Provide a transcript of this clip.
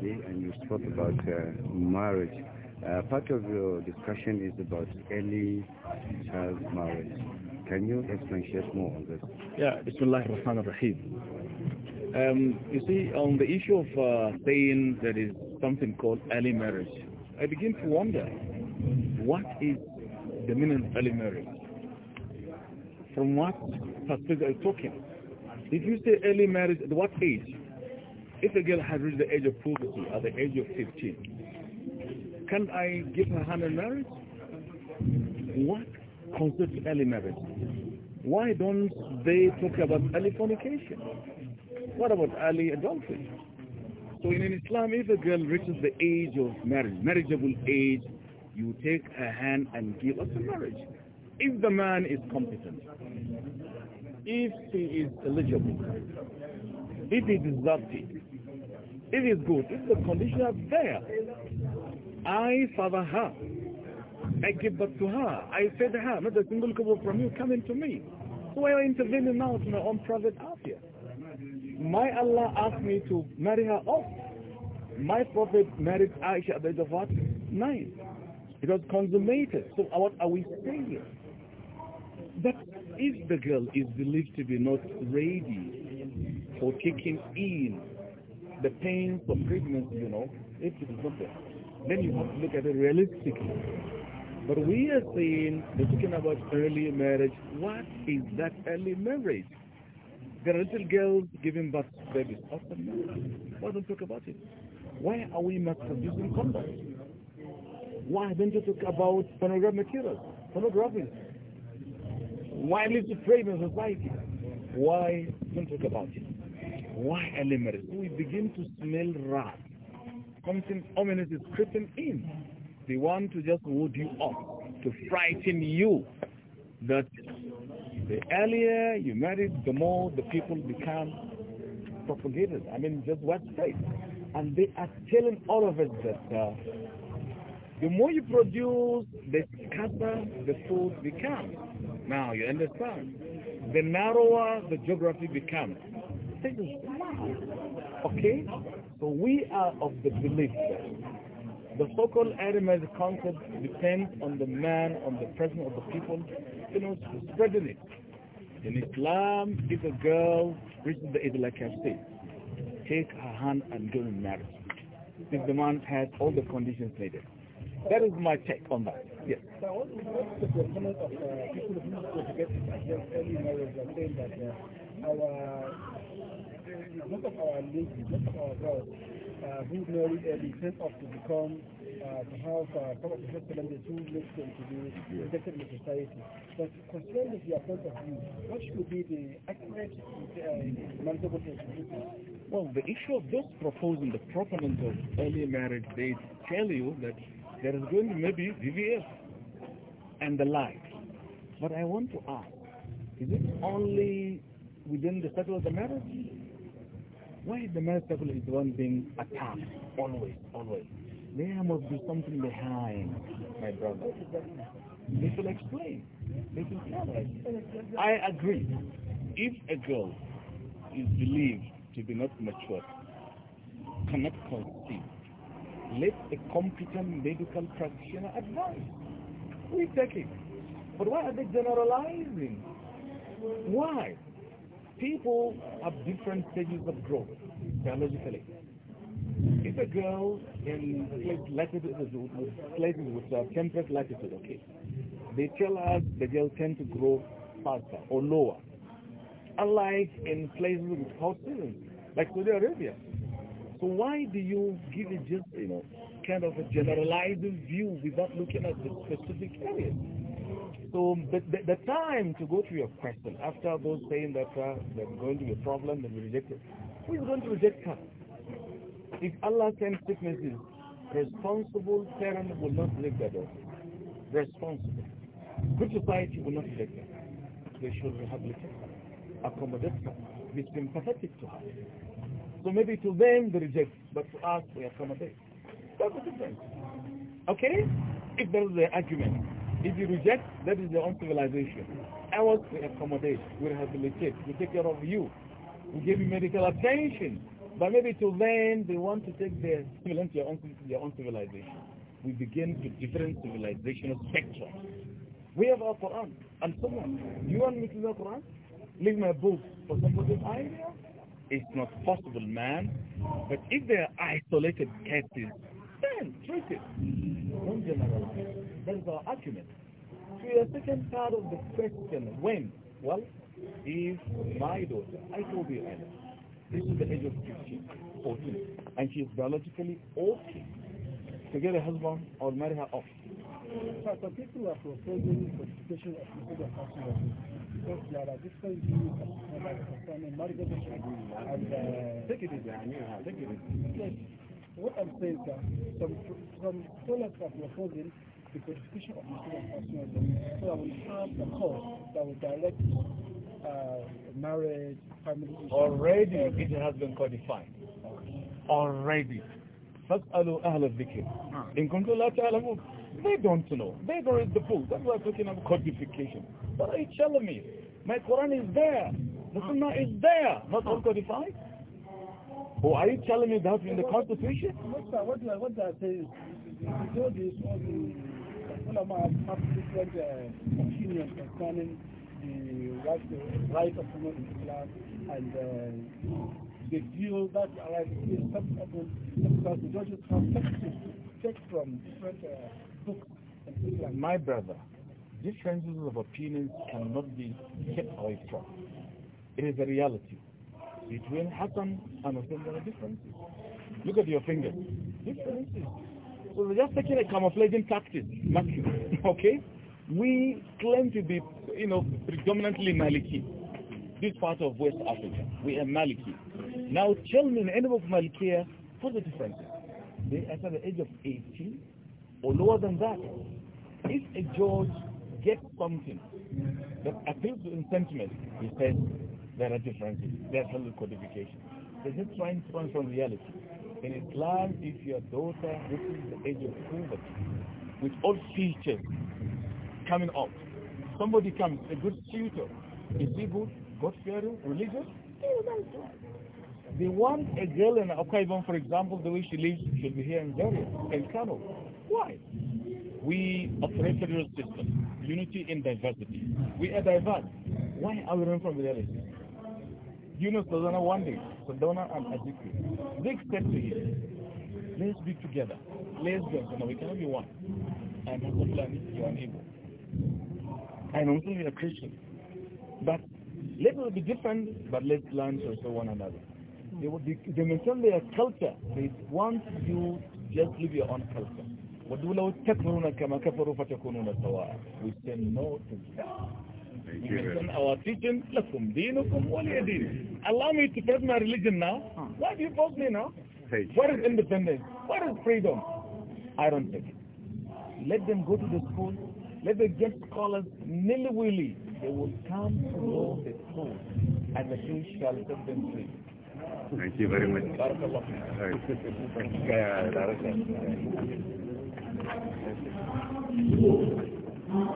and you spoke about uh, marriage. Uh, part of your discussion is about early child marriage. Can you explain just more on this? Yeah, Bismillah ar-Rahman ar-Rahim. Um, you see, on the issue of uh, saying there is something called early marriage, I begin to wonder, what is the meaning of early marriage? From what perspective are you talking? If you say early marriage, at what age? If a girl has reached the age of puberty at the age of 15, can I give her hand in marriage? What constitutes early marriage? Why don't they talk about early fornication? What about early adultery? So in Islam, if a girl reaches the age of marriage, marriageable age, you take her hand and give her to marriage. If the man is competent, if he is eligible, if he deserves it, it is good if the conditions are there. I father her. I give birth to her. I said, her. Not a single couple from you coming to me. So why am intervening now to my own private affair? My Allah asked me to marry her off. My Prophet married Aisha at the age of what? Nine. It was consummated. So what are we saying? That if the girl is believed to be not ready for taking in the pains of pregnancy, you know, if it is not there, then you have to look at it realistically. But we are saying, we're talking about early marriage. What is that early marriage? There are little girls giving birth to babies. Often, why don't talk about it? Why are we not producing condoms? Why don't you talk about pornographic materials, pornography? Why live the frame in society? Why don't talk about it? Why element? We begin to smell wrath. Something ominous is creeping in. They want to just wood you up, to frighten you. That the earlier you marry, the more the people become propagated. I mean, just widespread. And they are telling all of us that uh, the more you produce, the scarcer the food becomes. Now, you understand? The narrower the geography becomes. This Okay? So we are of the belief that the so-called a concept depends on the man, on the presence of the people, you know, spreading it. In Islam, if a girl reaches the age like I said, take her hand and go in marriage. If the man has all the conditions needed. That is my take on that. Yes. Uh, uh, our most of our ladies, most of our girls uh, who marry early tend off to become uh, to have uh, some of the challenges who makes them to be rejected in the society. But concerning your point of view, what should be the accurate uh, manageable contribution? Well, the issue of those proposing the proponent of early marriage, they tell you that there is going to maybe DVS and the like. But I want to ask, is it only within the circle of the marriage? Why the medical circle is the one being attacked? Always, always. There must be something behind, my brother. They should explain. They should tell us. I agree. If a girl is believed to be not mature, cannot conceive, let a competent medical practitioner advise. We take it. But why are they generalizing? Why? people have different stages of growth biologically. If a girl in places with a temperate latitude, okay, they tell us the girls tend to grow faster or lower. Unlike in places with hot seasons, like Saudi Arabia. So why do you give it just, you know, kind of a generalized view without looking at the specific areas? So the, the, the, time to go to your question after those saying that uh, there's going to be a problem and we reject it, who is going to reject her? If Allah sends sicknesses, responsible parents will not reject their daughter. Responsible. Good society will not reject her. They should rehabilitate her, accommodate her, be sympathetic to her. So maybe to them they reject, but to us we accommodate. That's the difference. Okay? If there is an argument, if you reject, that is your own civilization. I want to accommodate, we rehabilitate, we take care of you, we give you medical attention. But maybe to then, they want to take their your own, your own, civilization. We begin to different civilizational spectrum. We have our Quran and so on. You want me to know Quran? Leave my book for somebody's idea? It's not possible, man. But if they are isolated cases, then treat it. Don't generalize. That is our argument. To the second part of the question, when? Well, if my daughter, I told you earlier, this is the age of 15, 14, and she is biologically okay to get a husband or marry her off. So, people are proposing modification of the husband because there are different views concerning marriage and uh, take it easy, take it easy. Yes, what I'm saying is that some, some scholars are proposing the codification of so that we have the cause that will direct uh, marriage, family issues. Already it has been codified. Okay. Already. فَاسْأَلُوا أَهْلَ الذِّكِرِ إِن كُنْتُمْ لَا تَعْلَمُونَ They don't know. They don't read the book. That's why I'm talking about codification. What are you telling me? My Quran is there. The Sunnah is there. Not all codified. Oh, are you telling me that in the Constitution? What, what, what say? You this, all the one of my different uh, opinions concerning the right, the right of women in Islam and uh, the view that arrives is subsequent because the judges have text from different uh, books and Islam. My brother, differences of opinions cannot be kept away from. It is a reality. Between Hassan and Muslims there are differences. Look at your fingers. Differences. So we're just taking a camouflaging tactic, okay? We claim to be, you know, predominantly Maliki. This part of West Africa, we are Maliki. Now tell me, in any of Maliki, what's the difference? They are at the age of 18 or lower than that. If a judge gets something that appeals to sentiment, he says there are differences, there are codification. They're just trying to run from reality. In Islam, if your daughter reaches the age of puberty, with all features coming up, somebody comes, a good tutor, is he good, God-fearing, religious? They want a girl in Okaibon, for example, the way she lives should be here in Zaria, El Kano. Why? We operate a federal system, unity in diversity. We are diverse. Why are we running from the reality? Yunus doesn't know one day, Sodona and Azikri. They said to him, let's be together. Let's go. No, we cannot be one. I'm not Fulani, you are an Igbo. I'm also a Christian. But let us be different, but let's learn to respect one another. They, would be, they mention their culture. They want you just live your own culture. We say no to that. In our teaching, lakum dinukum Allow me to preach my religion now. Ah. Why do you force me now? What is independence? What is freedom? I don't take it. Let them go to the school. Let them get scholars nilly-willy. They will come to know the truth, and the truth shall set them free. Thank you very much. Barakallah.